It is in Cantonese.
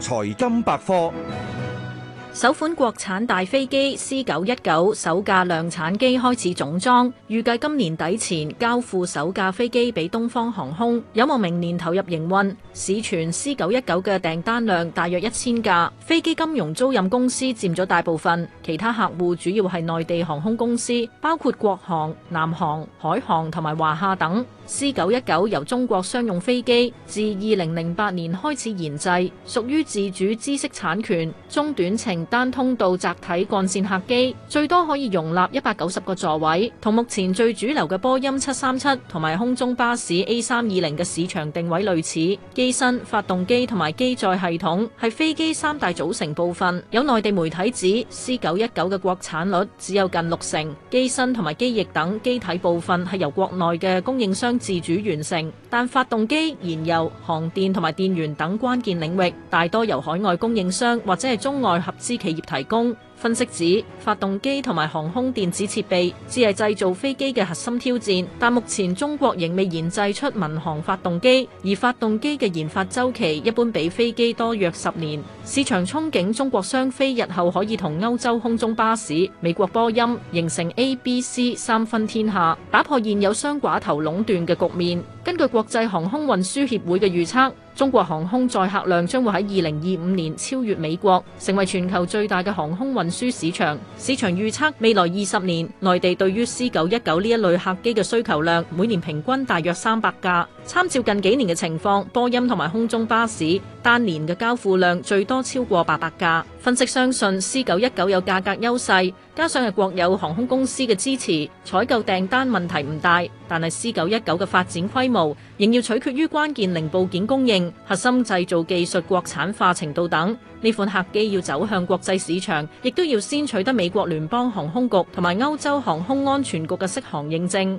財金百科。首款國產大飛機 C 九一九首架量產機開始總裝，預計今年底前交付首架飛機俾東方航空，有望明年投入營運。市傳 C 九一九嘅訂單量大約一千架，飛機金融租賃公司佔咗大部分，其他客戶主要係內地航空公司，包括國航、南航、海航同埋華夏等。C 九一九由中國商用飛機自二零零八年開始研製，屬於自主知識產權，中短程。單通道窄體幹線客機最多可以容納一百九十個座位，同目前最主流嘅波音七三七同埋空中巴士 A 三二零嘅市場定位類似。機身、發動機同埋機載系統係飛機三大組成部分。有內地媒體指 C 九一九嘅國產率只有近六成，機身同埋機翼等機體部分係由國內嘅供應商自主完成，但發動機、燃油、航電同埋電源等關鍵領域，大多由海外供應商或者係中外合資企業提供。分析指，發動機同埋航空電子設備只係製造飛機嘅核心挑戰，但目前中國仍未研製出民航發動機，而發動機嘅研發周期一般比飛機多約十年。市場憧憬中國商飛日後可以同歐洲空中巴士、美國波音形成 A、B、C 三分天下，打破現有雙寡頭壟斷嘅局面。根據國際航空運輸協會嘅預測，中國航空載客量將會喺二零二五年超越美國，成為全球最大嘅航空運。輸市場，市場預測未來二十年內地對於 C 九一九呢一類客機嘅需求量每年平均大約三百架。參照近幾年嘅情況，波音同埋空中巴士單年嘅交付量最多超過八百架。分析相信 C 九一九有價格優勢，加上係國有航空公司嘅支持，採購訂單問題唔大。但係 C 九一九嘅發展規模，仍要取決於關鍵零部件供應、核心製造技術、國產化程度等。呢款客機要走向國際市場，亦都要先取得美國聯邦航空局同埋歐洲航空安全局嘅適航認證。